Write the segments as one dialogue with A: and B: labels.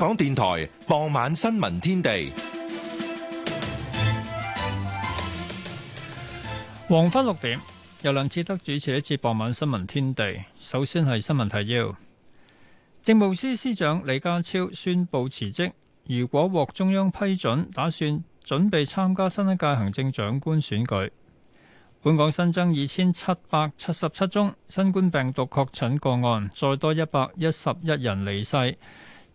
A: 香港電台傍晚新聞天地，
B: 黃昏六點由梁志德主持一次傍晚新聞天地。首先係新聞提要：政務司司長李家超宣布辭職，如果獲中央批准，打算準備參加新一屆行政長官選舉。本港新增二千七百七十七宗新冠病毒確診個案，再多一百一十一人離世。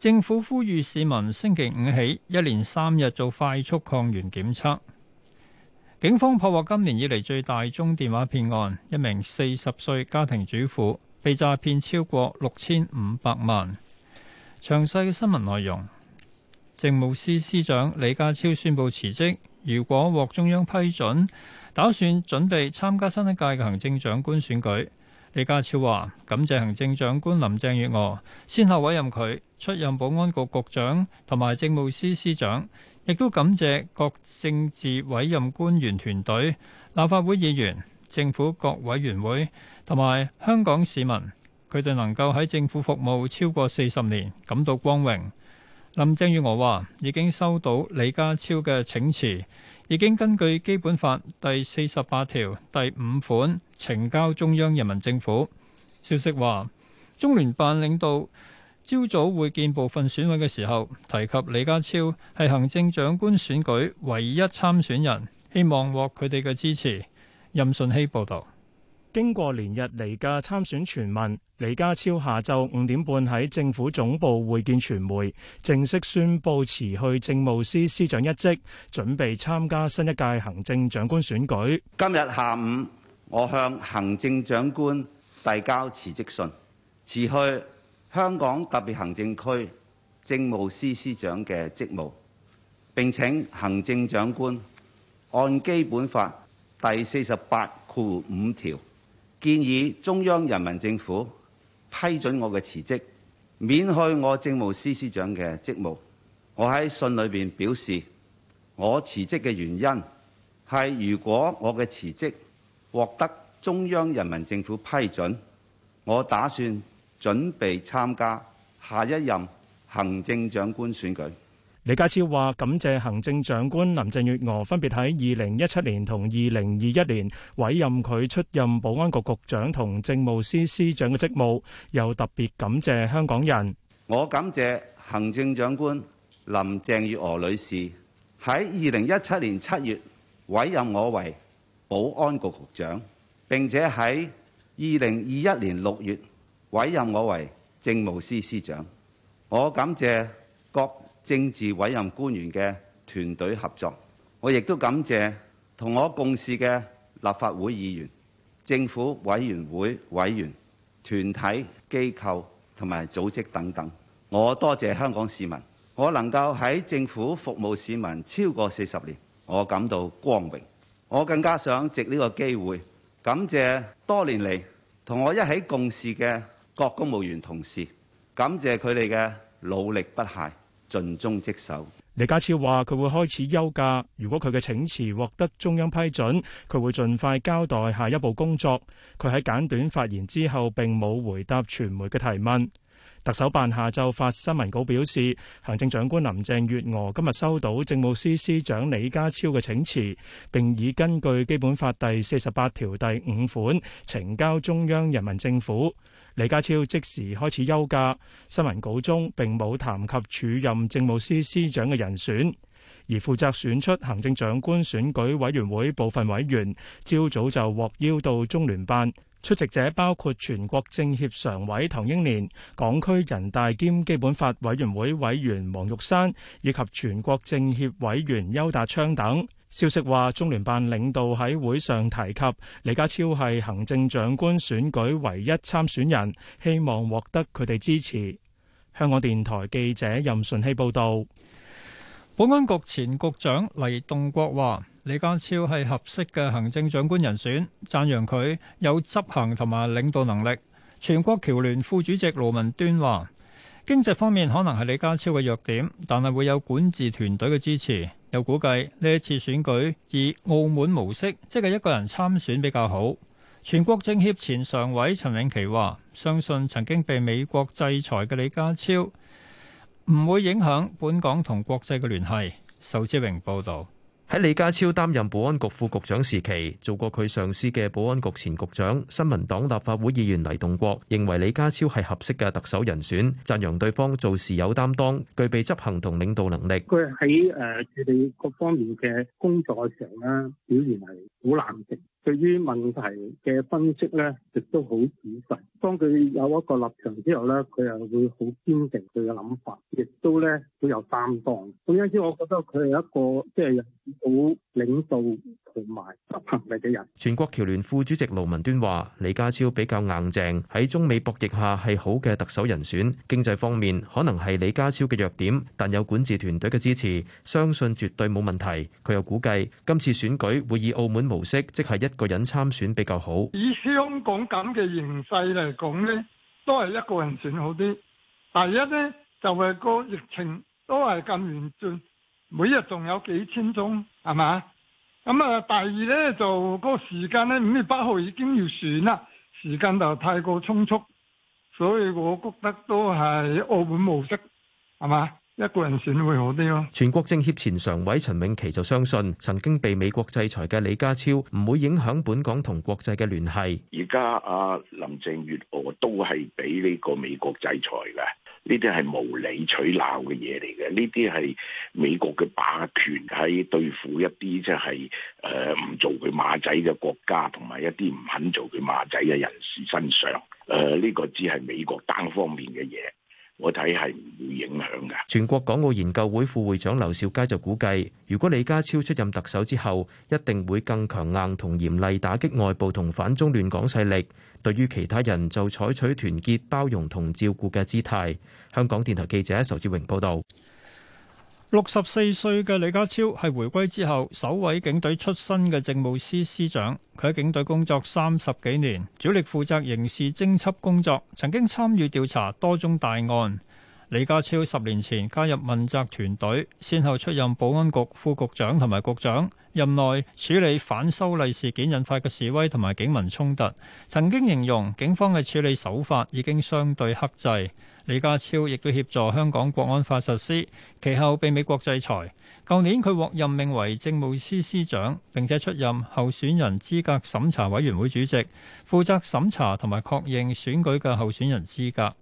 B: 政府呼籲市民星期五起一連三日做快速抗原檢測。警方破獲今年以嚟最大宗電話騙案，一名四十歲家庭主婦被詐騙超過六千五百萬。詳細嘅新聞內容，政務司司長李家超宣布辭職，如果獲中央批准，打算準備參加新一屆嘅行政長官選舉。李家超話感謝行政長官林鄭月娥先後委任佢出任保安局局長同埋政務司司長，亦都感謝各政治委任官員團隊、立法會議員、政府各委員會同埋香港市民，佢哋能夠喺政府服務超過四十年，感到光榮。林鄭月娥話已經收到李家超嘅請辭。已經根據基本法第四十八條第五款呈交中央人民政府。消息話，中聯辦領導朝早會見部分選委嘅時候，提及李家超係行政長官選舉唯一參選人，希望獲佢哋嘅支持。
C: 任信希報導。經過連日嚟嘅參選傳聞，李家超下晝五點半喺政府總部會見傳媒，正式宣布辭去政務司司長一職，準備參加新一屆行政長官選舉。
A: 今日下午，我向行政長官遞交辭職信，辭去香港特別行政區政務司司長嘅職務。並請行政長官按《基本法》第四十八括五條，建議中央人民政府批准我嘅辭職，免去我政務司司長嘅職務。我喺信裏邊表示，我辭職嘅原因係如果我嘅辭職獲得中央人民政府批准，我打算準備參加下一任行政長官選舉。李家超
C: 話感謝行政長官林鄭月娥分別喺二零一七年同二零二一年委任佢出任保安局局長同政務司司長嘅職務，又特別感謝香港人。
A: 我感謝行政長官林鄭月娥女士喺二零一七年七月委任我為保安局局長，並且喺二零二一年六月委任我為政務司司長。我感謝各政治委任官員嘅團隊合作，我亦都感謝同我共事嘅立法會議員、政府委員會委員、團體機構同埋組織等等。我多謝香港市民，我能夠喺政府服務市民超過四十年，我感到光榮。我更加想藉呢個機會感謝多年嚟同我一起共事嘅各公務員同事，感謝佢哋嘅努力不懈。盡忠職守。李
C: 家超話：佢會開始休假。如果佢嘅請辭獲得中央批准，佢會盡快交代下一步工作。佢喺簡短發言之後並冇回答傳媒嘅提問。特首辦下晝發新聞稿表示，行政長官林鄭月娥今日收到政務司司長李家超嘅請辭，並已根據《基本法》第四十八條第五款呈交中央人民政府。李家超即時開始休假，新聞稿中並冇談及署任政務司司長嘅人選，而負責選出行政長官選舉委員會部分委員，朝早就獲邀到中聯辦，出席者包括全國政協常委唐英年、港區人大兼基本法委員會委員黃玉山以及全國政協委員邱達昌等。消息話，中聯辦領導喺會上提及李家超係行政長官選舉唯一參選人，希望獲得佢哋支持。香港電台記者任順熙報道。
B: 保安局前局長黎棟國話：李家超係合適嘅行政長官人選，讚揚佢有執行同埋領導能力。全國僑聯副主席盧文端話：經濟方面可能係李家超嘅弱點，但係會有管治團隊嘅支持。有估計呢一次選舉以澳門模式，即係一個人參選比較好。全國政協前常委陳永琪話，相信曾經被美國制裁嘅李家超唔會影響本港同國際嘅聯繫。仇志榮報道。
D: 喺李家超擔任保安局副局長時期，做過佢上司嘅保安局前局長、新民黨立法會議員黎棟國認為李家超係合適嘅特首人選，讚揚對方做事有擔當，具備執行同領導能力。
E: 佢喺，誒，處理各方面嘅工作嘅時候咧，表現係好冷對於問題嘅分析呢，亦都好仔細。當佢有一個立場之後呢，佢又會好堅定佢嘅諗法，亦都呢會有擔當。總言之，我覺得佢係一個即係好領導，同埋執行力嘅人，
D: 全國僑聯副主席盧文端話：李家超比較硬淨，喺中美博弈下係好嘅特首人選。經濟方面可能係李家超嘅弱點，但有管治團隊嘅支持，相信絕對冇問題。佢又估計今次選舉會以澳門模式，即係一個人參選比較好。
B: 以香港咁嘅形勢嚟講咧，都係一個人選好啲。第一咧就係個疫情都係咁嚴峻，每日仲有幾千宗，係嘛？咁啊，第二咧就個時間咧，五月八號已經要選啦，時間就太過匆促，所以我覺得都係澳門模式，係嘛，一個人選會好啲咯。
D: 全國政協前常委陳永琪就相信，曾經被美國制裁嘅李家超唔會影響本港同國際嘅聯繫，
A: 而家阿林鄭月娥都係俾呢個美國制裁嘅。呢啲係無理取鬧嘅嘢嚟嘅，呢啲係美國嘅霸權喺對付一啲即係誒唔做佢馬仔嘅國家同埋一啲唔肯做佢馬仔嘅人士身上。誒呢個只係美國單方面嘅嘢，我睇係唔會影響㗎。
D: 全國港澳研究會副會長劉兆佳就估計，如果李家超出任特首之後，一定會更強硬同嚴厲打擊外部同反中亂港勢力。對於其他人就採取團結、包容同照顧嘅姿態。香港電台記者仇志榮報導。六十四
B: 歲嘅李家超係回歸之後首位警隊出身嘅政務司司長，佢喺警隊工作三十幾年，主力負責刑事偵緝工作，曾經參與調查多宗大案。李家超十年前加入問責團隊，先後出任保安局副局長同埋局長，任內處理反修例事件引發嘅示威同埋警民衝突，曾經形容警方嘅處理手法已經相對克制。李家超亦都協助香港國安法實施，其後被美國制裁。舊年佢獲任命為政務司司長，並且出任候選人資格審查委員會主席，負責審查同埋確認選舉嘅候選人資格。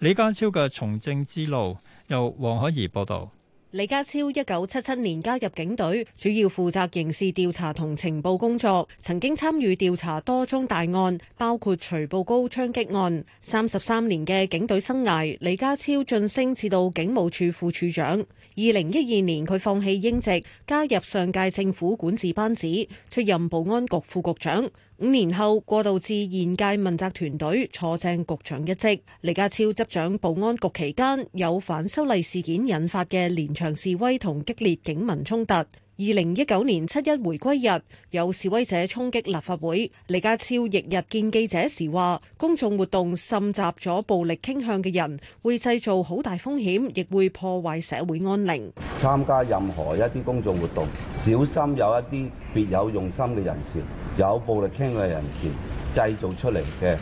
B: 李家超嘅從政之路，由黃海怡報道。
F: 李家超一九七七年加入警隊，主要負責刑事調查同情報工作，曾經參與調查多宗大案，包括徐步高槍擊案。三十三年嘅警隊生涯，李家超晉升至到警務處副處長。二零一二年，佢放棄英籍，加入上屆政府管治班子，出任保安局副局長。五年後過渡至現屆問責團隊坐正局長一職。李家超執掌保安局期間，有反修例事件引發嘅連場示威同激烈警民衝突。二零一九年七一回歸日，有示威者衝擊立法會，李家超翌日見記者時話：公眾活動滲雜咗暴力傾向嘅人，會製造好大風險，亦會破壞社會安寧。
A: 參加任何一啲公眾活動，小心有一啲別有用心嘅人士。有暴力傾向嘅人士製造出嚟嘅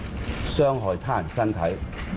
A: 傷害他人身體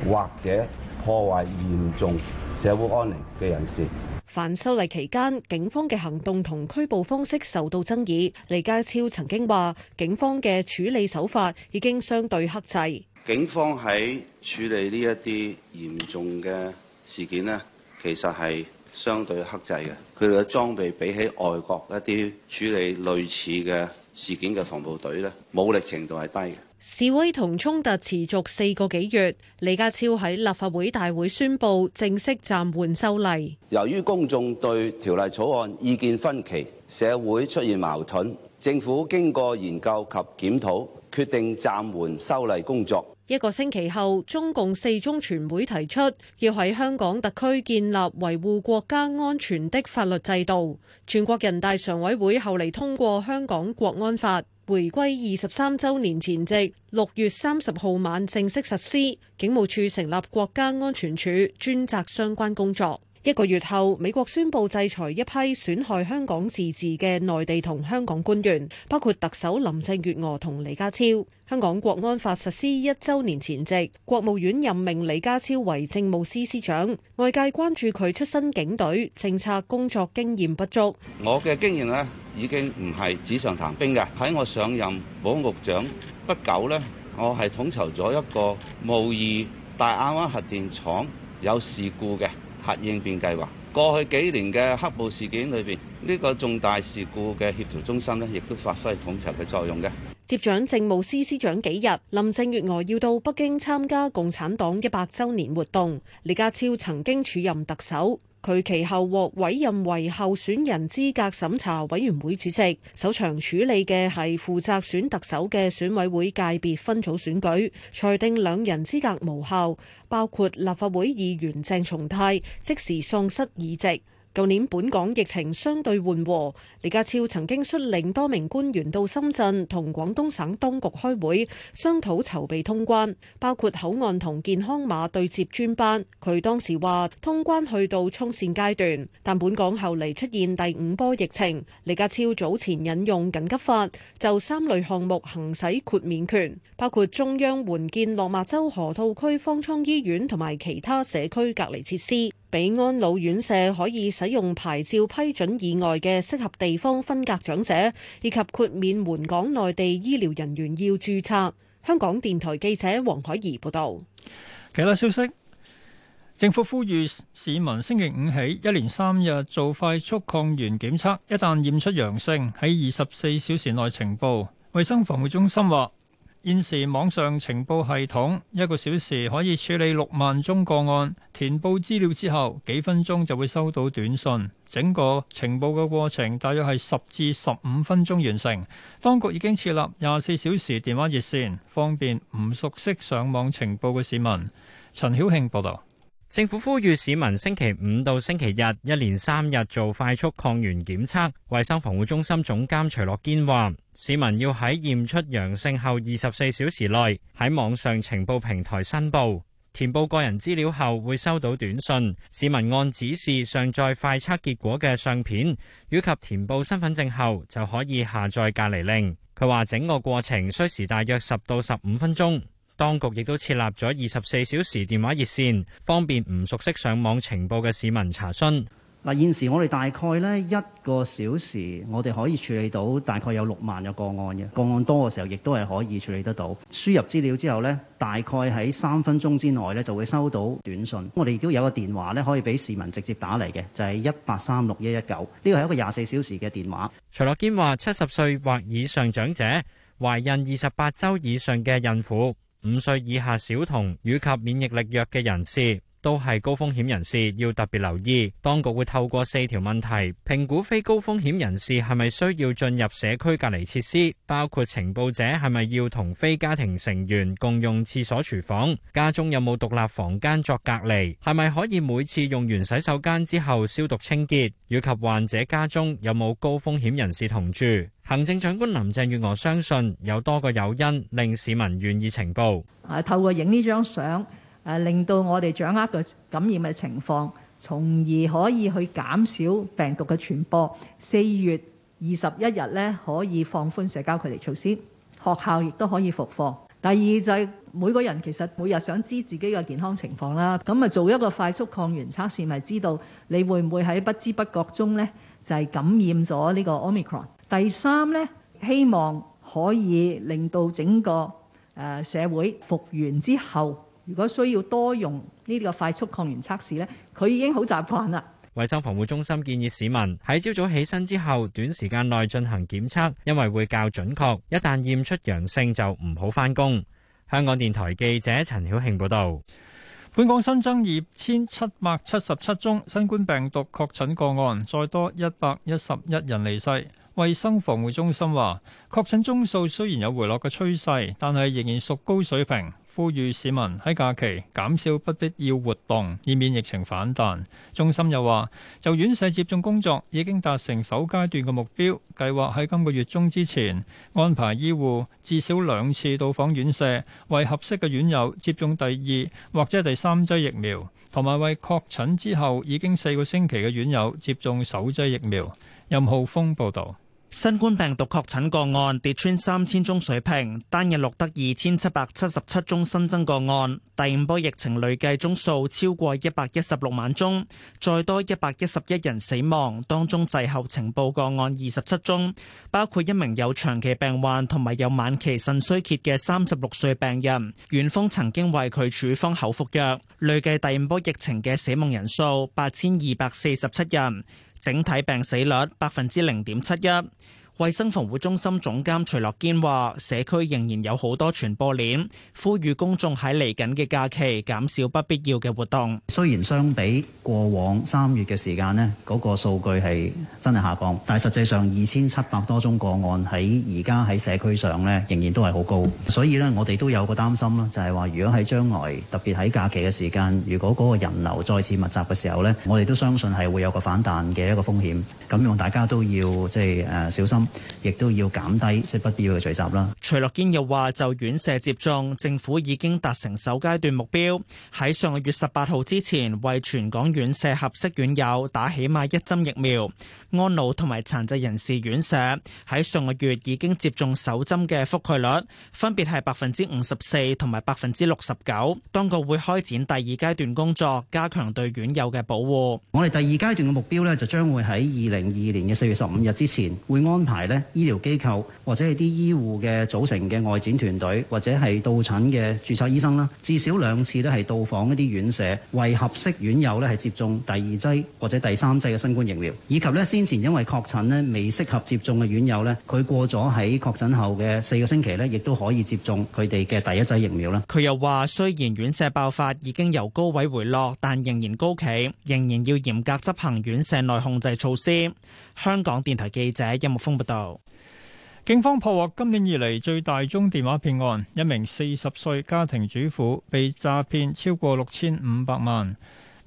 A: 或者破壞嚴重社會安寧嘅人士。
F: 反修例期間警方嘅行動同拘捕方式受到爭議，李家超曾經話警方嘅處理手法已經相對克制。
A: 警方喺處理呢一啲嚴重嘅事件咧，其實，係相對克制嘅。佢哋嘅裝備比起外國一啲處理類似嘅。事件嘅防暴隊呢，武力程度係低嘅。
F: 示威同衝突持續四個幾月，李家超喺立法會大會宣布正式暫緩修例。
A: 由於公眾對條例草案意見分歧，社會出現矛盾，政府經過研究及檢討，決定暫緩修例工作。
F: 一個星期後，中共四中全會提出要喺香港特區建立維護國家安全的法律制度。全國人大常委會後嚟通過《香港國安法》，回歸二十三週年前夕，六月三十號晚正式實施。警務處成立國家安全處，專責相關工作。一個月後，美國宣布制裁一批損害香港自治嘅內地同香港官員，包括特首林鄭月娥同李家超。香港國安法實施一週年前夕，國務院任命李家超為政務司司長。外界關注佢出身警隊，政策工作經
A: 驗不足。我嘅經驗呢，已經唔係紙上談兵嘅。喺我上任保安局長不久呢，我係統籌咗一個模擬大亞灣核電廠有事故嘅。應變計劃過去幾年嘅黑暴事件裏邊，呢個重大事故嘅協調中心呢，亦都發揮統籌嘅作用嘅。接
F: 掌政務司司長幾日，林鄭月娥要到北京參加共產黨一百周年活動。李家超曾經署任特首。佢其後獲委任為候選人資格審查委員會主席，首場處理嘅係負責選特首嘅選委會界別分組選舉，裁定兩人資格無效，包括立法會議員鄭松泰即時喪失議席。舊年本港疫情相對緩和，李家超曾經率領多名官員到深圳同廣東省當局開會，商討籌備通關，包括口岸同健康碼對接專班。佢當時話通關去到衝線階段，但本港後嚟出現第五波疫情，李家超早前引用緊急法就三類項目行使豁免權，包括中央援建落馬洲河套區方艙醫院同埋其他社區隔離設施。俾安老院舍可以使用牌照批准以外嘅適合地方分隔長者，以及豁免援港內地醫療人員要註冊。香港電台記者黃海怡報道。
B: 其他消息，政府呼籲市民星期五起一連三日做快速抗原檢測，一旦驗出陽性，喺二十四小時內呈報衛生防護中心話。現時網上情報系統一個小時可以處理六萬宗個案，填報資料之後幾分鐘就會收到短信，整個情報嘅過程大約係十至十五分鐘完成。當局已經設立廿四小時電話熱線，方便唔熟悉上網情報嘅市民。陳曉慶
E: 報道。政府呼籲市民星期五到星期日一連三日做快速抗原檢測。衛生防護中心總監徐樂堅話，市民要喺驗出陽性後二十四小時內喺網上情報平台申報，填報個人資料後會收到短信。市民按指示上載快測結果嘅相片，以及填報身份證後就可以下載隔離令。佢話整個過程需時大約十到十五分鐘。當局亦都設立咗二十四小時電話熱線，方便唔熟悉上網情報嘅市民查詢。
G: 嗱，現時我哋大概咧一個小時，我哋可以處理到大概有六萬個個案嘅，個案多嘅時候亦都係可以處理得到。輸入資料之後咧，大概喺三分鐘之內咧就會收到短信。我哋亦都有個電話咧可以俾市民直接打嚟嘅，就係一八三六一一九，呢個係一個廿四小時嘅電話。
E: 徐樂堅話：七十歲或以上長者、懷孕二十八周以上嘅孕婦。五歲以下小童以及免疫力弱嘅人士都係高風險人士，要特別留意。當局會透過四條問題評估非高風險人士係咪需要進入社區隔離設施，包括情報者係咪要同非家庭成員共用廁所廚房，家中有冇獨立房間作隔離，係咪可以每次用完洗手間之後消毒清潔，以及患者家中有冇高風險人士同住。行政長官林鄭月娥相信有多個誘因令市民願意呈報。
H: 誒透過影呢張相誒，令到我哋掌握個感染嘅情況，從而可以去減少病毒嘅傳播。四月二十一日呢，可以放寬社交距離措施，學校亦都可以復課。第二就係、是、每個人其實每日想知自己嘅健康情況啦，咁啊做一個快速抗原測試，咪知道你會唔會喺不知不覺中呢，就係、是、感染咗呢個 Omicron。第三呢，希望可以令到整個誒社會復原之後，如果需要多用呢個快速抗原測試呢，佢已經好習慣啦。
E: 衞生防護中心建議市民喺朝早起身之後短時間內進行檢測，因為會較準確。一旦驗出陽性，就唔好返工。香港電台記者陳曉慶報導，本港新增二千七百七十七宗新冠病毒確診個案，再多一
B: 百一十一人離世。衛生防護中心話，確診宗數雖然有回落嘅趨勢，但係仍然屬高水平，呼籲市民喺假期減少不必要活動，以免疫情反彈。中心又話，就院舍接種工作已經達成首階段嘅目標，計劃喺今個月中之前安排醫護至少兩次到訪院舍，為合適嘅院友接種第二或者第三劑疫苗，同埋為確診之後已經四個星期嘅院友接種首劑疫苗。任浩峰報道。新冠病毒確診個案跌穿三千宗水
I: 平，單日錄得二千七百七十七宗新增個案。第五波疫情累計宗數超過一百一十六萬宗，再多一百一十一人死亡，當中滯後呈報個案二十七宗，包括一名有長期病患同埋有晚期腎衰竭嘅三十六歲病人，院方曾經為佢處方口服藥。累計第五波疫情嘅死亡人數八千二百四十七人。整體病死率百分之零點七一。衛生防護中心總監徐樂堅話，社區仍然有好多傳播鏈，呼籲公眾喺嚟緊嘅假期減少不必要
G: 嘅活動。雖然相比過往三月嘅時間呢，嗰個數據係真係下降，但係實際上二千七百多宗個案喺而家喺社區上呢，仍然都係好高。所以呢，我哋都有個擔心啦，就係話如果喺將來，特別喺假期嘅時間，如果嗰個人流再次密集嘅時候呢，我哋都相信係會有個反彈嘅一個風險。咁樣大家都要即係誒小心。亦都要減低即不必要嘅聚集啦。
I: 徐樂堅又話：就院舍接種，政府已經達成首階段目標，喺上個月十八號之前，為全港院舍合適院友打起碼一針疫苗。安老同埋殘疾人士院舍喺上個月已經接種首針嘅覆蓋率分別係百分之五十四同埋百分之六十九。當局會開展第二階
G: 段工作，加強對院友嘅保護。我哋第二階段嘅目標咧，就將會喺二零二二年嘅四月十五日之前，會安排咧醫療機構或者係啲醫護嘅組成嘅外展團隊或者係到診嘅註冊醫生啦，至少兩次都係到訪一啲院舍，為合適院友咧係接種第二劑或者第三劑嘅新冠疫苗，以及咧。先前因為確診咧未適合接種嘅院友咧，佢過咗喺確診後嘅四個星期咧，亦都可以接種佢哋嘅第一劑疫苗啦。
I: 佢又話：雖然院舍爆發已經由高位回落，但仍然高企，仍然要嚴格執行院舍內控制措施。
B: 香港電台記者音樂峯報道，警方破獲今年以嚟最大宗電話騙案，一名四十歲家庭主婦被詐騙超過六千五百萬。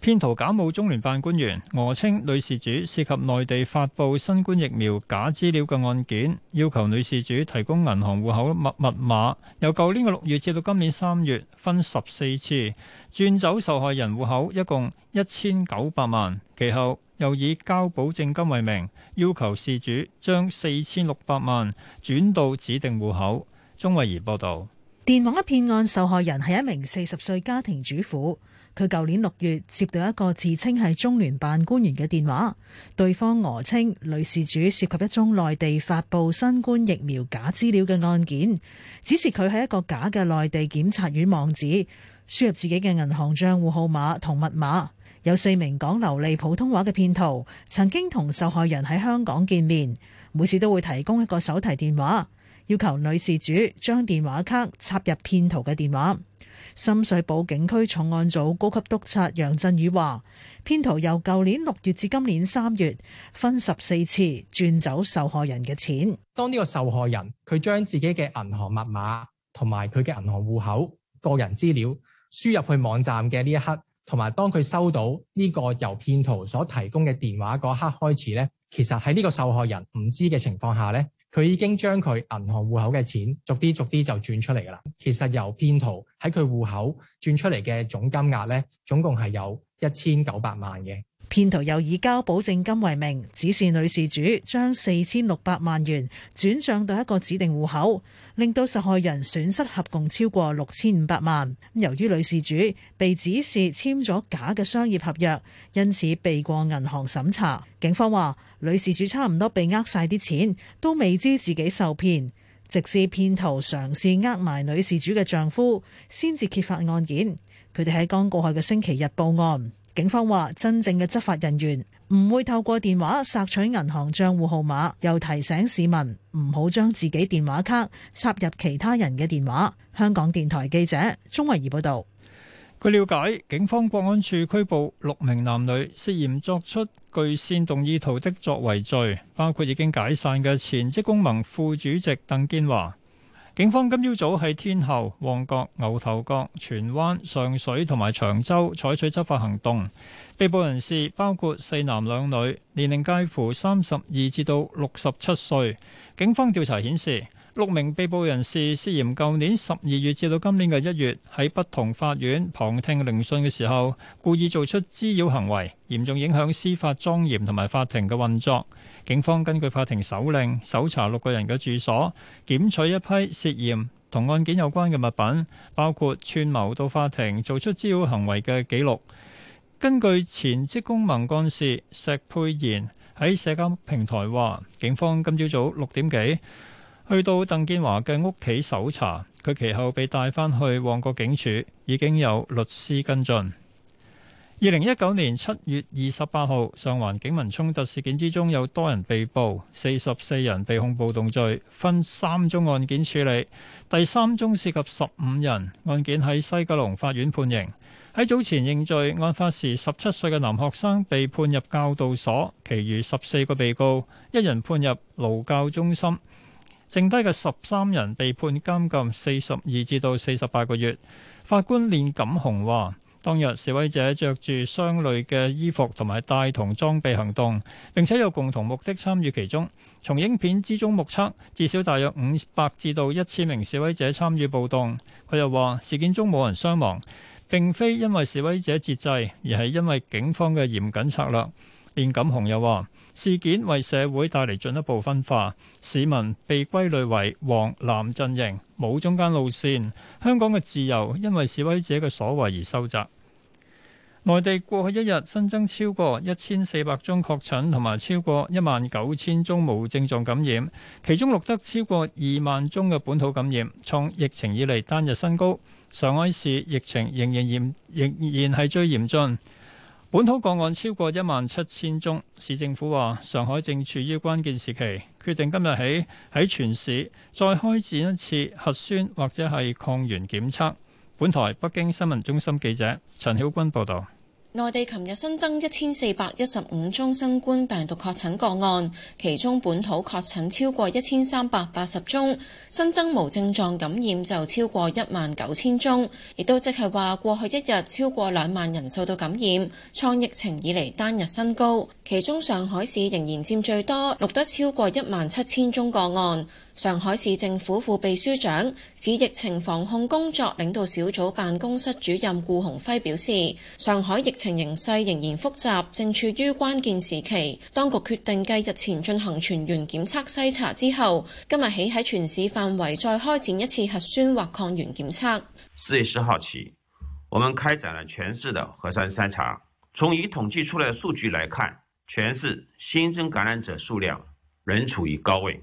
B: 騙徒假冒中聯辦官員，訛稱女事主涉及內地發佈新冠疫苗假資料嘅案件，要求女事主提供銀行戶口密密碼。由舊年嘅六月至到今年三月分，分十四次轉走受害人戶口，一共一千九百萬。其後又以交保證金為名，要求事主將四千六百萬轉到指定戶口。鍾慧儀報導，
H: 電話詐騙案受害人係一名四十歲家庭主婦。佢舊年六月接到一個自稱係中聯辦官員嘅電話，對方訛稱女事主涉及一宗內地發布新冠疫苗假資料嘅案件，指示佢係一個假嘅內地檢察院網址，輸入自己嘅銀行帳戶號碼同密碼。有四名講流利普通話嘅騙徒曾經同受害人喺香港見面，每次都會提供一個手提電話，要求女事主將電話卡插入騙徒嘅電話。深水埗警區重案組高級督察楊振宇話：騙徒由舊年六月至今年三月，分十四次轉走受害人嘅錢。
J: 當呢個受害人佢將自己嘅銀行密碼同埋佢嘅銀行戶口個人資料輸入去網站嘅呢一刻，同埋當佢收到呢個由騙徒所提供嘅電話嗰刻開始咧，其實喺呢個受害人唔知嘅情況下咧，佢已經將佢銀行戶口嘅錢逐啲逐啲就轉出嚟㗎啦。其實由騙徒喺佢戶口轉出嚟嘅總金額呢，
H: 總共係有一千九百萬嘅。騙徒又以交保證金為名，指示女事主將四千六百萬元轉帳到一個指定戶口，令到受害人損失合共超過六千五百萬。由於女事主被指示簽咗假嘅商業合約，因此避過銀行審查。警方話，女事主差唔多被呃晒啲錢，都未知自己受騙，直至騙徒嘗試呃埋女事主嘅丈夫，先至揭發案件。佢哋喺剛過去嘅星期日報案。警方話：真正嘅執法人員唔會透過電話索取銀行帳戶號碼，又提醒市民唔好將自己電話卡插入其他人嘅電話。香港電台記者鍾慧儀報導。
B: 據了解，警方國安處拘捕六名男女，涉嫌作出具煽動意圖的作為罪，包括已經解散嘅前職工盟副主席鄧建華。警方今朝早喺天后、旺角、牛頭角、荃灣、上水同埋長洲採取執法行動，被捕人士包括四男兩女，年齡介乎三十二至到六十七歲。警方調查顯示，六名被捕人士涉嫌舊年十二月至到今年嘅一月，喺不同法院旁聽聆訊嘅時候，故意做出滋擾行為，嚴重影響司法莊嚴同埋法庭嘅運作。警方根據法庭手令搜查六個人嘅住所，檢取一批涉嫌同案件有關嘅物品，包括串謀到法庭做出滋擾行為嘅記錄。根據前職工盟幹事石佩賢喺社交平台話，警方今朝早六點幾去到鄧建華嘅屋企搜查，佢其後被帶返去旺角警署，已經有律師跟進。二零一九年七月二十八號，上環警民衝突事件之中有多人被捕，四十四人被控暴動罪，分三宗案件處理。第三宗涉及十五人，案件喺西九龍法院判刑。喺早前認罪，案發時十七歲嘅男學生被判入教導所，其餘十四個被告，一人判入勞教中心，剩低嘅十三人被判監禁四十二至到四十八個月。法官練錦鴻話。當日示威者着住相類嘅衣服同埋帶同裝備行動，並且有共同目的參與其中。從影片之中目測，至少大約五百至到一千名示威者參與暴動。佢又話：事件中冇人傷亡，並非因為示威者節制，而係因為警方嘅嚴謹策略。練錦鴻又話。事件為社會帶嚟進一步分化，市民被歸類為黃藍陣營，冇中間路線。香港嘅自由因為示威者嘅所為而收窄。內地過去一日新增超過一千四百宗確診，同埋超過一萬九千宗無症狀感染，其中錄得超過二萬宗嘅本土感染，創疫情以嚟單日新高。上海市疫情仍然嚴，仍然係最嚴峻。本土個案超過一萬七千宗，市政府話上海正處於關鍵時期，決定今日起喺全市再開展一次核酸或者係抗原檢測，本台北京新聞中心記者陳曉君報道。
K: 內地琴日新增一千四百一十五宗新冠病毒確診個案，其中本土確診超過一千三百八十宗，新增無症狀感染就超過一萬九千宗，亦都即係話過去一日超過兩萬人受到感染，創疫情以嚟單日新高。其中上海市仍然佔最多，錄得超過一萬七千宗個案。上海市政府副秘書長、市疫情防控工作領導小組辦公室主任顧鴻輝表示，上海疫情形勢仍然複雜，正處於關鍵時期。當局決定繼日前進行全員檢測篩查之後，今日起喺全市範圍再開展一次核酸或抗原檢測。
A: 四月十號起，我們開展了全市的核酸篩查，從已統計出來的數據來看，全市新增感染者數量仍處於高位。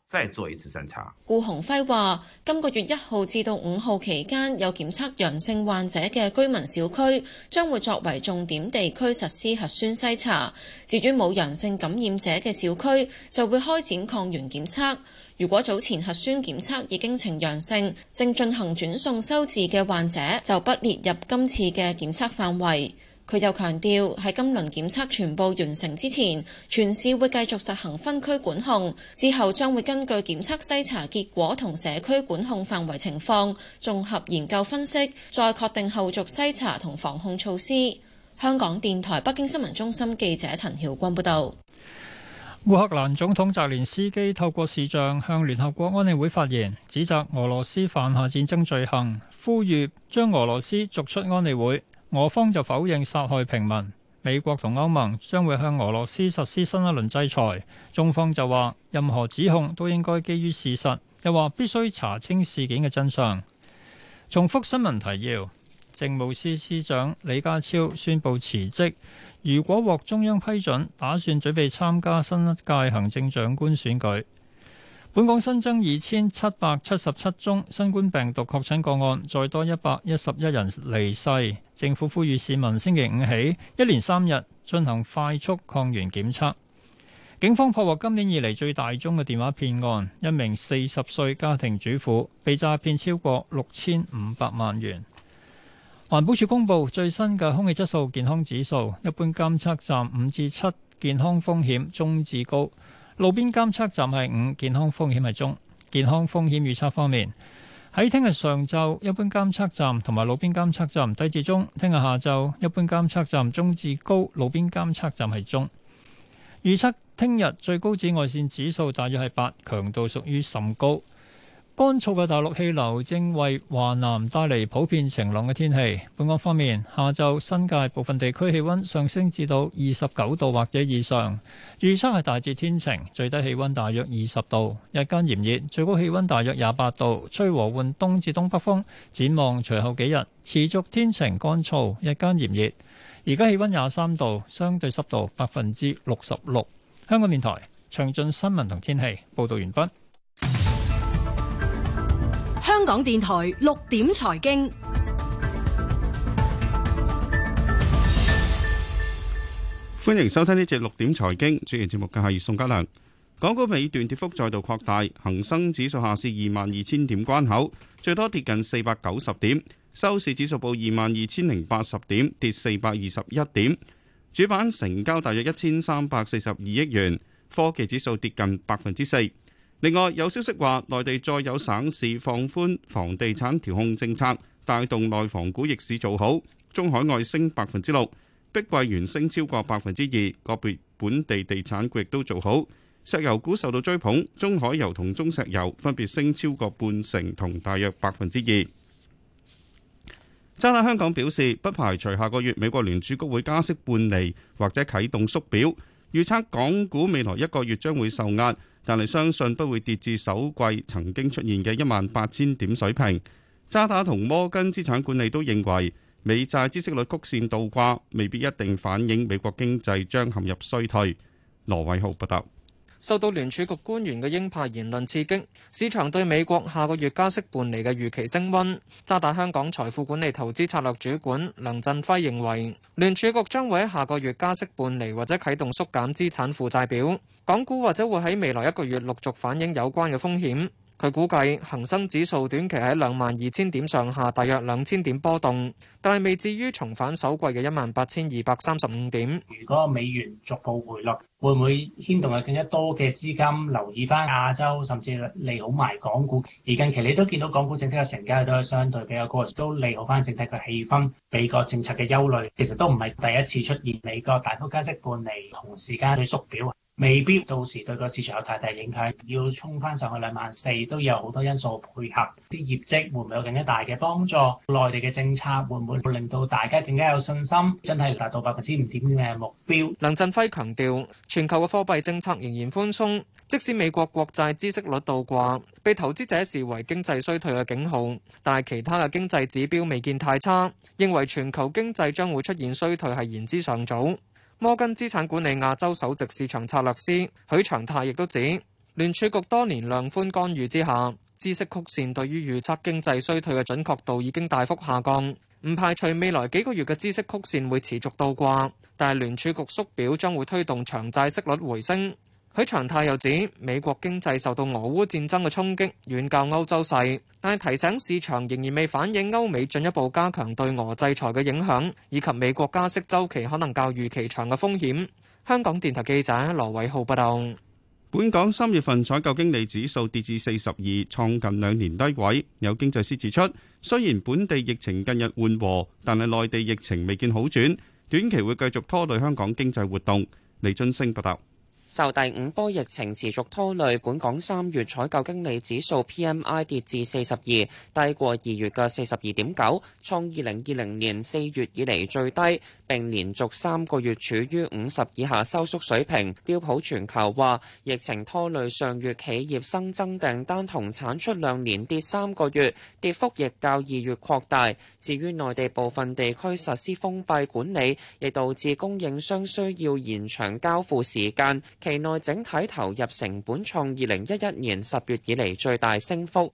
A: 再做一次篩查。
K: 顧鴻輝話，今個月一號至到五號期間有檢測陽性患者嘅居民小區，將會作為重點地區實施核酸篩查。至於冇陽性感染者嘅小區，就會開展抗原檢測。如果早前核酸檢測已經呈陽性，正進行轉送收治嘅患者，就不列入今次嘅檢測範圍。佢又強調，喺今輪檢測全部完成之前，全市會繼續實行分區管控，之後將會根據檢測篩查結果同社區管控範圍情況，綜合研究分析，再確定後續篩查同防控措施。香港電台北京新聞中心記者陳曉君報道：
B: 「烏克蘭總統澤連斯基透過視像向聯合國安理會發言，指責俄羅斯犯下戰爭罪行，呼籲將俄羅斯逐出安理會。俄方就否認殺害平民，美國同歐盟將會向俄羅斯實施新一輪制裁。中方就話，任何指控都應該基於事實，又話必須查清事件嘅真相。重複新聞提要：政務司司長李家超宣布辭職，如果獲中央批准，打算準備參加新一屆行政長官選舉。本港新增二千七百七十七宗新冠病毒確診個案，再多一百一十一人離世。政府呼籲市民星期五起一連三日進行快速抗原檢測。警方破獲今年以嚟最大宗嘅電話騙案，一名四十歲家庭主婦被詐騙超過六千五百萬元。環保署公布最新嘅空氣質素健康指數，一般監測站五至七，健康風險中至高。路邊監測站係五，健康風險係中。健康風險預測方面，喺聽日上晝，一般監測站同埋路邊監測站低至中；聽日下晝，一般監測站中至高，路邊監測站係中。預測聽日最高紫外線指數大約係八，強度屬於甚高。乾燥嘅大陸氣流正為華南帶嚟普遍晴朗嘅天氣。本港方面，下晝新界部分地區氣溫上升至到二十九度或者以上，預測係大致天晴，最低氣溫大約二十度，日間炎熱，最高氣溫大約廿八度，吹和緩東至東北風。展望隨後幾日持續天晴乾燥，日間炎熱。而家氣溫廿三度，相對濕度百分之六十六。香港電台詳盡新聞同天氣報
J: 道完畢。
F: 香港電台六點財
K: 經，
L: 歡迎收聽呢節六點財經。主持節目嘅係宋家良。港股尾段跌幅再度擴大，恒生指數下試二萬二千點關口，最多跌近四百九十點，收市指數報二萬二千零八十點，跌四百二十一點。主板成交大約一千三百四十二億元，科技指數跌近百分之四。另外有消息話，內地再有省市放寬房地產調控政策，帶動內房股逆市做好，中海外升百分之六，碧桂園升超過百分之二，個別本地地產股亦都做好。石油股受到追捧，中海油同中石油分別升超過半成同大約百分之二。渣打香港表示，不排除下個月美國聯儲局會加息半厘，或者啟動縮表，預測港股未來一個月將會受壓。但係相信不會跌至首季曾經出現嘅一萬八千點水平。渣打同摩根資產管理都認為，美債孳息率曲線倒掛未必一定反映美國經濟將陷入衰退。羅偉浩報道。
J: 受到聯儲局官員嘅鷹派言論刺激，市場對美國下個月加息半釐嘅預期升溫。渣打香港財富管理投資策略主管梁振輝認為，聯儲局將會喺下個月加息半釐或者啟動縮減資產負債表。港股或者會喺未來一個月陸續反映有關嘅風險，佢估計恆生指數短期喺兩萬二千點上下，大約兩千點波動，但係未至於重返首季嘅一萬八千二百三十五點。如
M: 果美元逐步回落，會唔會牽動有更加多嘅資金留意翻亞洲，甚至利好埋港股？而近期你都見到港股整體嘅成交都係相對比較高，都利好翻整體嘅氣氛。美國政策嘅憂慮，其實都唔係第一次出現。美國大幅加息半釐，同時間對縮表。未必到時對個市場有太大，大影響，要衝翻上去兩萬四都有好多因素配合，啲業績會唔會有更加大嘅幫助？
J: 內地嘅政策會唔會令到大家更加有信心真係達到百分之五點嘅目標？梁振輝強調，全球嘅貨幣政策仍然寬鬆，即使美國國債孳息率倒掛被投資者視為經濟衰退嘅警號，但係其他嘅經濟指標未見太差，認為全球經濟將會出現衰退係言之尚早。摩根資產管理亞洲首席市場策略師許長泰亦都指，聯儲局多年量寬干預之下，孳息曲線對於預測經濟衰退嘅準確度已經大幅下降，唔排除未來幾個月嘅孳息曲線會持續倒掛，但係聯儲局縮表將會推動長債息率回升。許長泰又指，美國經濟受到俄烏戰爭嘅衝擊遠較歐洲細，但係提醒市場仍然未反映歐美進一步加強對俄制裁嘅影響，以及美國加息周期可能較預期長嘅風險。香港電台記者羅偉浩報道，
L: 本港三月份採購經理指數跌至四十二，創近兩年低位。有經濟師指出，雖然本地疫情近日緩和，但係內地疫情未見好轉，短期會繼續拖累香港經濟活動。李津升報道。
M: 受第五波疫情持續拖累，本港三月採購經理指數 PMI 跌至四十二，低過二月嘅四十二點九，創二零二零年四月以嚟最低，並連續三個月處於五十以下收縮水平。標普全球話，疫情拖累上月企業新增訂單同產出量連跌三個月，跌幅亦較二月擴大。至於內地部分地區實施封閉管理，亦導致供應商需要延長交付時間。期內整體投入成本創二零一一年十月以嚟最大升幅。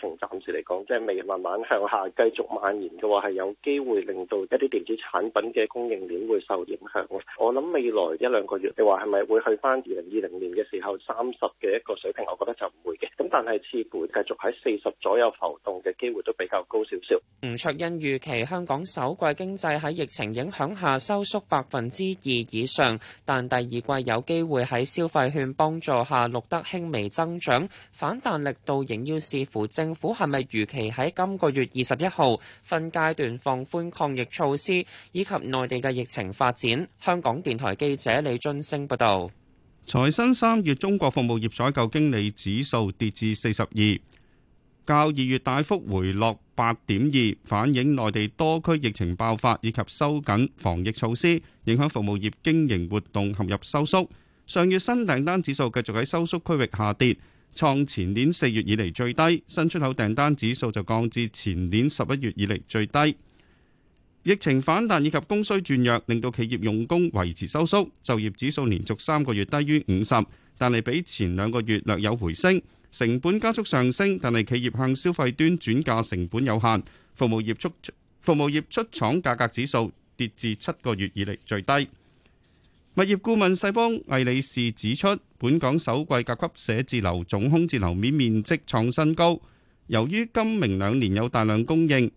B: 暫時嚟講，即係未慢慢向下繼續蔓延嘅話，係有機會令到一啲電子產品嘅供應鏈會受影響。我諗未
E: 來一兩個月，你話係咪會去翻二零二零年嘅時候三十嘅一個水平？我覺得就唔會嘅。但係，似乎繼續喺四十左右浮動嘅機會都比較高少少。
M: 吳卓恩預期香港首季經濟喺疫情影響下收縮百分之二以上，但第二季有機會喺消費券幫助下錄得輕微增長。反彈力度仍要視乎政府係咪如期喺今個月二十一號分階段放寬抗疫措施，以及內地嘅疫情發展。香港電台記者李俊升報道。
L: 財新三月中國服務業採購經理指數跌至四十二，較二月大幅回落八點二，反映內地多區疫情爆發以及收緊防疫措施，影響服務業經營活動陷入收縮。上月新訂單指數繼續喺收縮區域下跌，創前年四月以嚟最低，新出口訂單指數就降至前年十一月以嚟最低。疫情反彈以及供需轉弱，令到企業用工維持收縮，就業指數連續三個月低於五十，但係比前兩個月略有回升。成本加速上升，但係企業向消費端轉嫁成本有限。服務業出服務業出廠價格指數跌至七個月以嚟最低。物業顧問世邦魏理仕指出，本港首季甲級寫字樓總空置樓面面積創新高，由於今明兩年有大量供應。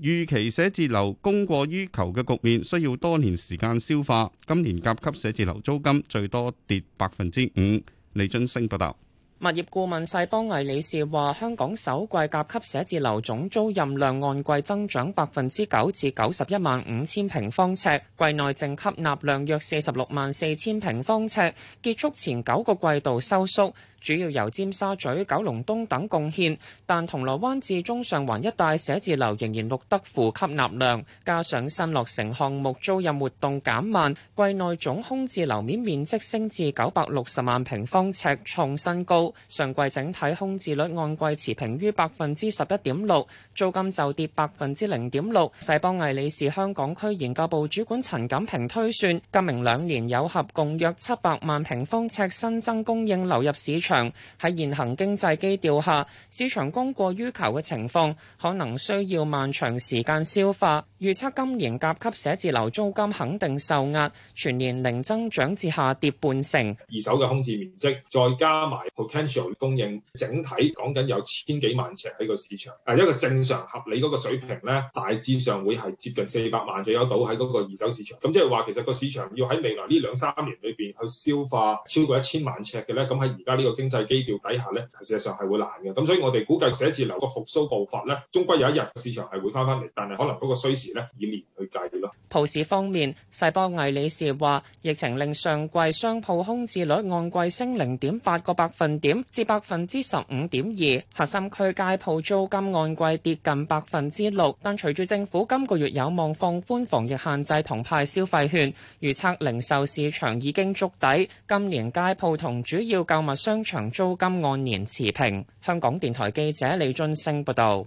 L: 預期寫字樓供過於求嘅局面需要多年時間消化，今年甲級寫字樓租金最多跌百分之五。李津升報道，
M: 物業顧問世邦魏理仕話，香港首季甲級寫字樓總租任量按季增長百分之九至九十一萬五千平方尺，季內淨吸納量約四十六萬四千平方尺，結束前九個季度收縮。主要由尖沙咀、九龍東等貢獻，但銅鑼灣至中上環一帶寫字樓仍然錄得負吸納量，加上新落成項目租賃活動減慢，季內總空置樓面面積升至九百六十萬平方尺，創新高。上季整體空置率按季持平於百分之十一點六，租金就跌百分之零點六。世邦魏理仕香港區研究部主管陳錦平推算，今明兩年有合共約七百萬平方尺新增供應流入市場。長喺現行經濟基調下，市場供過於求嘅情況，可能需要漫長時間消化。預測今年甲級寫字樓租金肯定受壓，全年零增長至下跌半成。二手嘅空置
D: 面積，再加埋 potential 供應，整體講緊有千幾萬尺喺個市場。啊，一個正常合理嗰個水平呢，大致上會係接近四百萬左右到喺嗰個二手市場。咁即係話，其實個市場要喺未來呢兩三年裏邊去消化超過一千萬尺嘅呢。咁喺而家呢個。經濟基調底下呢，事實上係會難嘅。咁所以我哋估計寫字樓個復甦步伐呢，終歸有一日市場係會翻翻嚟，但係可能嗰個需時呢，以年去計嘅
M: 咯。鋪市方面，世邦魏理仕話：疫情令上季商鋪空置率按季升零點八個百分點至百分之十五點二，核心區街鋪租金按季跌近百分之六。但隨住政府今個月有望放寬防疫限制同派消費券，預測零售市場已經觸底。今年街鋪同主要購物商場租金按年
L: 持平。香港電台記者李俊升報道，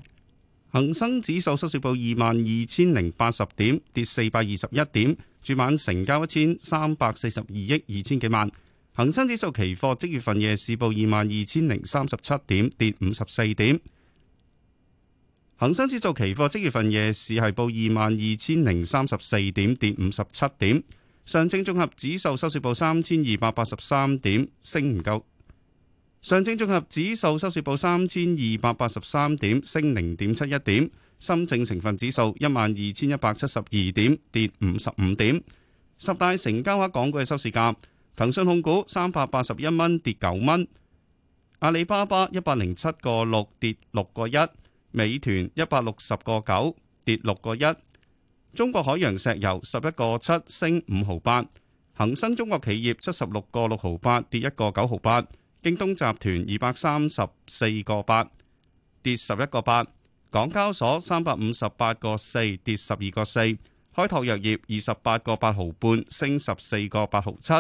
L: 恒生指數收市報二萬二千零八十點，跌四百二十一點。主板成交一千三百四十二億二千幾萬。恒生指數期貨即月份夜市報二萬二千零三十七點，跌五十四點。恒生指數期貨即月份夜市係報二萬二千零三十四點，跌五十七點。上證綜合指數收市報三千二百八十三點，升唔夠。上證綜合指數收市報三千二百八十三點，升零點七一點。深證成分指數一萬二千一百七十二點，跌五十五點。十大成交額港股嘅收市價：騰訊控股三百八十一蚊，跌九蚊；阿里巴巴一百零七個六，跌六個一；美團一百六十個九，跌六個一；中國海洋石油十一個七，升五毫八；恒生中國企業七十六個六毫八，跌一個九毫八。京東集團二百三十四個八，跌十一個八，港交所三百五十八個四，跌十二個四，開拓藥業二十八個八毫半，升十四個八毫七，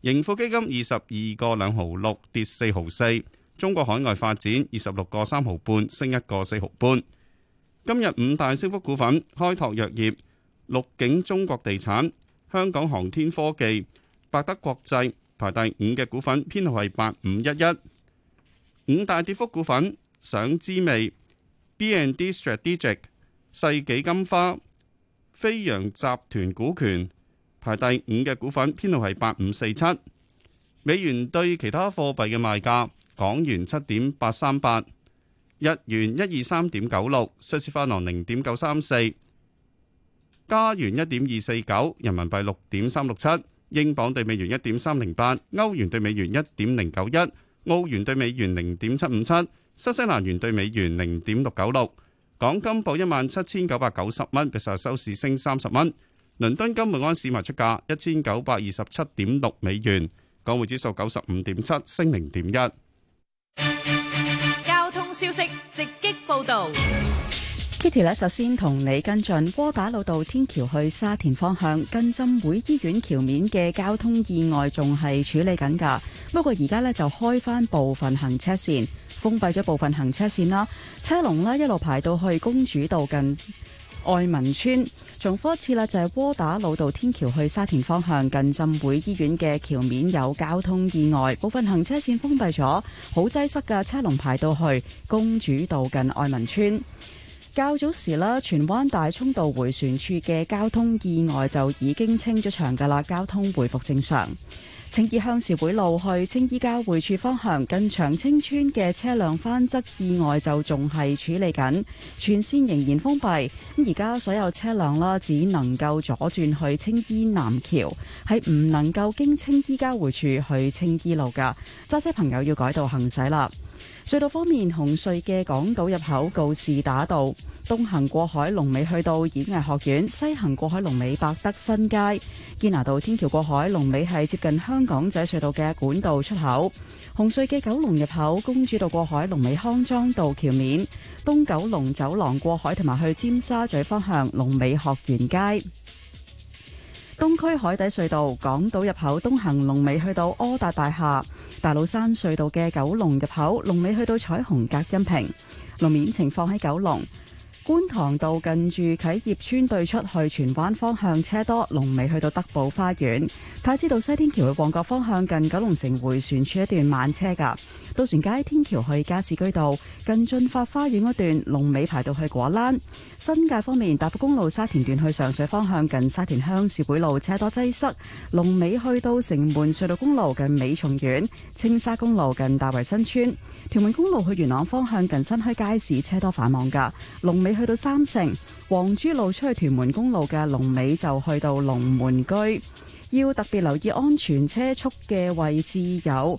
L: 盈富基金二十二個兩毫六，跌四毫四，中國海外發展二十六個三毫半，升一個四毫半。今日五大升幅股份：開拓藥業、綠景中國地產、香港航天科技、百德國際。排第五嘅股份編號係八五一一，五大跌幅股份：想滋味、BND Strategic、Strateg ics, 世紀金花、飛揚集團股權。排第五嘅股份編號係八五四七。美元對其他貨幣嘅賣價：港元七點八三八，日元一二三點九六，瑞士法郎零點九三四，加元一點二四九，人民幣六點三六七。英鎊對美元一點三零八，歐元對美元一點零九一，澳元對美元零點七五七，新西蘭元對美元零點六九六。港金報一萬七千九百九十蚊，比上日收市升三十蚊。倫敦金每安士賣出價一千九百二十七點六美元，港匯指數九十五點七升零點一。
K: 交通消息直擊報道。
N: 呢條咧，首先同你跟進窩打老道天橋去沙田方向，近浸會醫院橋面嘅交通意外仲係處理緊噶。不過而家咧就開翻部分行車線，封閉咗部分行車線啦。車龍咧一路排到去公主道近愛民村。重複一次啦，就係、是、窩打老道天橋去沙田方向，近浸會醫院嘅橋面有交通意外，部分行車線封閉咗，好擠塞噶，車龍排到去公主道近愛民村。較早時啦，荃灣大涌道回旋處嘅交通意外就已經清咗場噶啦，交通回復正常。青衣向市會路去青衣交匯處方向，近長青村嘅車輛翻側意外就仲係處理緊，全線仍然封閉。咁而家所有車輛啦，只能夠左轉去青衣南橋，係唔能夠經青衣交匯處去青衣路噶。揸車朋友要改道行駛啦。隧道方面，紅隧嘅港島入口告士打道，東行過海龍尾去到演藝學院；西行過海龍尾，百德新街。堅拿道天橋過海龍尾係接近香港仔隧道嘅管道出口。紅隧嘅九龍入口公主道過海龍尾康莊道橋面，東九龍走廊過海同埋去尖沙咀方向龍尾學園街。東區海底隧道港島入口東行龍尾去到柯達大廈，大老山隧道嘅九龍入口龍尾去到彩虹隔音屏，路面情況喺九龍觀塘道近住啟業邨對出去荃灣方向車多，龍尾去到德寶花園，太子道西天橋嘅旺角方向近九龍城回旋處一段慢車噶。渡船街天橋去加士居道，近駿發花園嗰段龍尾排到去果欄；新界方面，大埔公路沙田段去上水方向近沙田鄉事會路車多擠塞；龍尾去到城門隧道公路近美松苑、青沙公路近大圍新村；屯門公路去元朗方向近新墟街市車多繁忙㗎；龍尾去到三成，黃珠路出去屯門公路嘅龍尾就去到龍門居，要特別留意安全車速嘅位置有。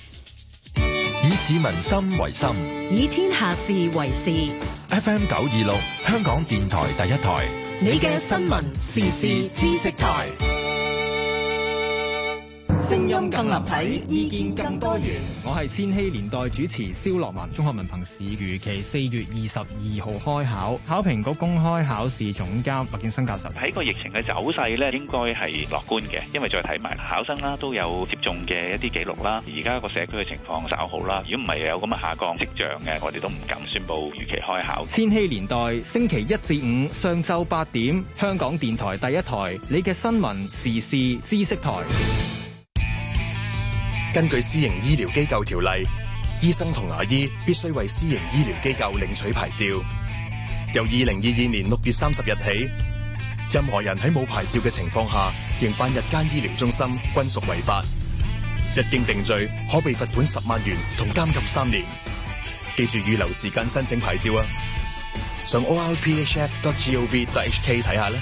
J: 市民心為心，
N: 以天下事為
J: 事。
D: FM 九二六，香港電台第一台，
J: 你嘅新聞時事知識台。聲音更立體，意見更多元。我係千禧年代主持蕭樂文。中學文憑試如期四月二十二號開考，考評局公開考試總監麥勁生教授
E: 睇過疫情嘅走勢呢，應該係樂觀嘅，因為再睇埋考生啦，都有接種嘅一啲記錄啦。而家個社區嘅情況稍好啦。如果唔係有咁嘅下降跡象嘅，我哋都唔敢宣布如期開考。
J: 千禧年代星期一至五上晝八點，香港電台第一台，你嘅新聞時事知識台。
C: 根據私營醫療機構條例，醫生同牙醫必須為私營醫療機構領取牌照。由二零二二年六月三十日起，任何人喺冇牌照嘅情況下營辦日間醫療中心，均屬違法。一經定罪，可被罰款十萬元同監禁三年。記住預留時間申請牌照啊！上 orphf.gov.hk 睇下啦。